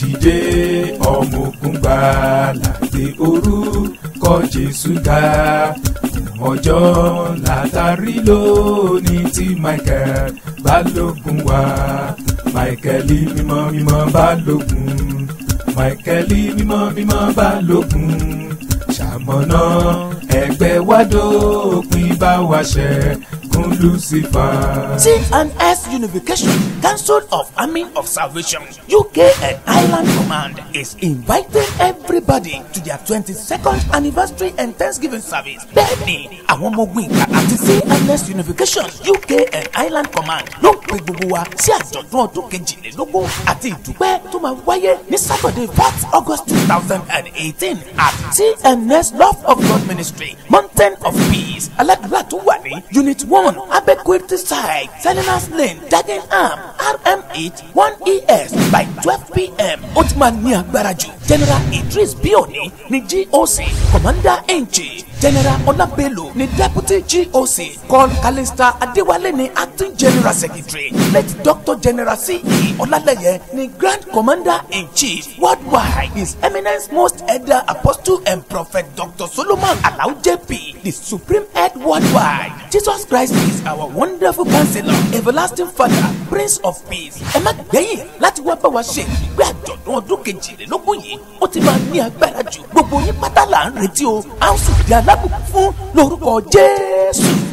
dìde ọmọ ogun gbàlà gbé orúkọ jésù ga ọjọ́ látàrí lónìí tí michael balógun wá michael mímọ́ mímọ́ balógun michael mímọ́ mímọ́ balógun ṣamọ̀nà ẹgbẹ́ wádòópin bá wa fún Lucifer. C&S Unification Council of Army of Salvation UK and Ireland Command is inviting everybody to their twenty-second anniversary and Thanksgiving service. Bẹ́ẹ̀ni, àwọn ọmọ ogun ìgbà àti C&S Unification UK and Ireland Command ló ń pe gbogbo wa sí àjọ̀dún ọdún kejìlélógún àti ìdúpẹ́ tó máa wáyé ní Saturday fourth August two thousand and eighteen at CNS Love of God Ministry Monday. Tent of Peace alágbèlà tó wà ní unit one Abeokuta side Salinas Lane Dagenham rm8 1es e by twelve pm ó ti máa ní agbára jù general idris bioni ní goc commander in chief general ọlábẹ́lò ní deputy goc col kalista Adewale ní acting general secretary late doctor general ce ọlálẹ́yẹ ní grand commander in chief worldwide his eminence most elder apostle and prophet dr solomon alao jp the supreme head worldwide. Jesus Christ is our wonderful counselor everlasting father prince of peace. ẹ má gbẹ̀yìn láti wá bá wa ṣe ìgbé àjọ̀dún ọdún kejìlélógún yìí ó ti máa ní agbára jù gbogbo yín pátá là ń retí o a ó sì di alábùkún fún lórúkọ Jésù.